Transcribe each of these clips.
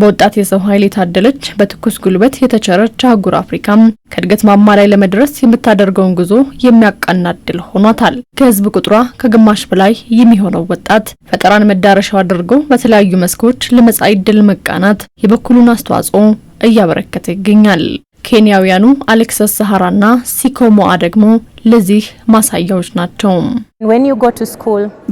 በወጣት የሰው ኃይል የታደለች በትኩስ ጉልበት የተቸረች አህጉር አፍሪካ ከእድገት ማማ ላይ ለመድረስ የምታደርገውን ጉዞ የሚያቃና እድል ሆኗታል። ከህዝብ ቁጥሯ ከግማሽ በላይ የሚሆነው ወጣት ፈጠራን መዳረሻው አድርጎ በተለያዩ መስኮች ለመጻኢ እድል መቃናት የበኩሉን አስተዋጽኦ እያበረከተ ይገኛል። ኬንያውያኑ አሌክሰስ ሰሃራና ሲኮሞአ ደግሞ ለዚህ ማሳያዎች ናቸው።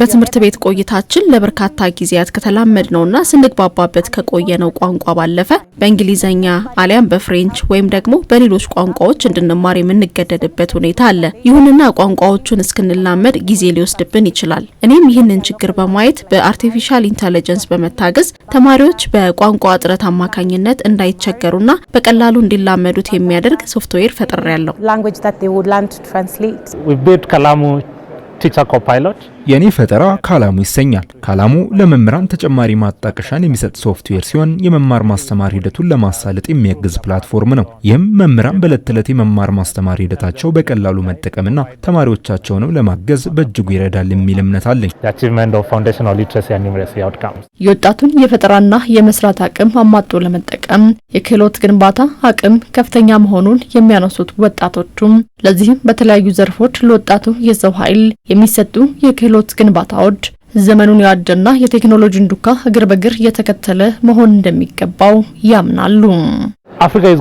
በትምህርት ቤት ቆይታችን ለበርካታ ጊዜያት ከተላመድ ነውና ስንግባባበት ከቆየነው ቋንቋ ባለፈ በእንግሊዘኛ አሊያም በፍሬንች ወይም ደግሞ በሌሎች ቋንቋዎች እንድንማር የምንገደድበት ሁኔታ አለ። ይሁንና ቋንቋዎቹን እስክንላመድ ጊዜ ሊወስድብን ይችላል። እኔም ይህንን ችግር በማየት በአርቲፊሻል ኢንተለጀንስ በመታገዝ ተማሪዎች በቋንቋ እጥረት አማካኝነት እንዳይቸገሩና በቀላሉ እንዲላመዱት የሚያደርግ ሶፍትዌር ፈጥሬያለሁ። የእኔ ፈጠራ ካላሙ ይሰኛል። ካላሙ ለመምህራን ተጨማሪ ማጣቀሻን የሚሰጥ ሶፍትዌር ሲሆን የመማር ማስተማር ሂደቱን ለማሳለጥ የሚያግዝ ፕላትፎርም ነው። ይህም መምህራን በዕለት ተዕለት የመማር ማስተማር ሂደታቸው በቀላሉ መጠቀምና ተማሪዎቻቸውንም ለማገዝ በእጅጉ ይረዳል የሚል እምነት አለኝ። የወጣቱን የፈጠራና የመስራት አቅም አማጦ ለመጠቀም አቅም የክህሎት ግንባታ አቅም ከፍተኛ መሆኑን የሚያነሱት ወጣቶቹም ለዚህም በተለያዩ ዘርፎች ለወጣቱ የሰው ኃይል የሚሰጡ የክህሎት ግንባታዎች ዘመኑን ያዋጀና የቴክኖሎጂን ዱካ እግር በግር የተከተለ መሆን እንደሚገባው ያምናሉ። አፍሪካ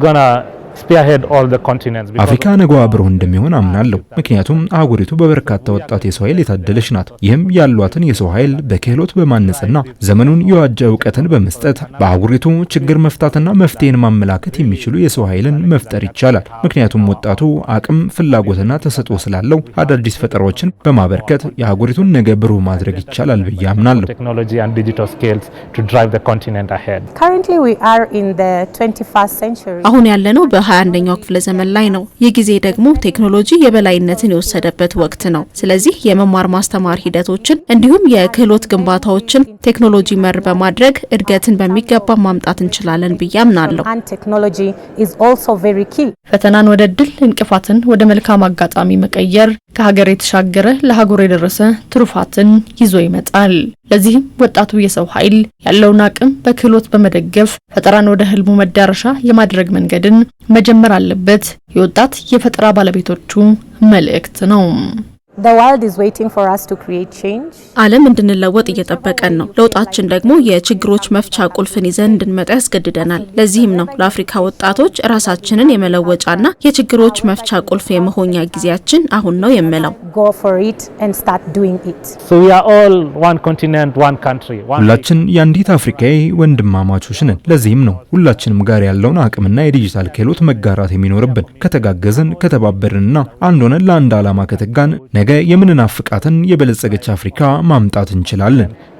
አፍሪካ ነገዋ ብሩህ እንደሚሆን አምናለሁ። ምክንያቱም አህጉሪቱ በበርካታ ወጣት የሰው ኃይል የታደለች ናት። ይህም ያሏትን የሰው ኃይል በክህሎት በማነጽና ዘመኑን የዋጀ እውቀትን በመስጠት በአህጉሪቱ ችግር መፍታትና መፍትሄን ማመላከት የሚችሉ የሰው ኃይልን መፍጠር ይቻላል። ምክንያቱም ወጣቱ አቅም፣ ፍላጎትና ተሰጥኦ ስላለው አዳዲስ ፈጠራዎችን በማበርከት የአህጉሪቱን ነገ ብሩህ ማድረግ ይቻላል ብዬ አምናለሁ። አሁን ያለነው በ በ21ኛው ክፍለ ዘመን ላይ ነው። ይህ ጊዜ ደግሞ ቴክኖሎጂ የበላይነትን የወሰደበት ወቅት ነው። ስለዚህ የመማር ማስተማር ሂደቶችን እንዲሁም የክህሎት ግንባታዎችን ቴክኖሎጂ መር በማድረግ እድገትን በሚገባ ማምጣት እንችላለን ብዬ አምናለሁ። ፈተናን ወደ ድል፣ እንቅፋትን ወደ መልካም አጋጣሚ መቀየር ከሀገር የተሻገረ ለሀገር የደረሰ ትሩፋትን ይዞ ይመጣል። ለዚህም ወጣቱ የሰው ኃይል ያለውን አቅም በክህሎት በመደገፍ ፈጠራን ወደ ህልሙ መዳረሻ የማድረግ መንገድን መጀመር አለበት፤ የወጣት የፈጠራ ባለቤቶቹ መልእክት ነው። ዓለም እንድንለወጥ እየጠበቀን ነው። ለውጣችን ደግሞ የችግሮች መፍቻ ቁልፍን ይዘን እንድንመጣ ያስገድደናል። ለዚህም ነው ለአፍሪካ ወጣቶች ራሳችንን የመለወጫና የችግሮች መፍቻ ቁልፍ የመሆኛ ጊዜያችን አሁን ነው የምለው። ሁላችን የአንዲት አፍሪካዊ ወንድማማቾች ነን። ለዚህም ነው ሁላችንም ጋር ያለውን አቅምና የዲጂታል ክህሎት መጋራት የሚኖርብን። ከተጋገዝን ከተባበርንና አንድ ሆነን ለአንድ ዓላማ ከተጋን ነገ ነገ የምንናፍቃትን የበለጸገች አፍሪካ ማምጣት እንችላለን።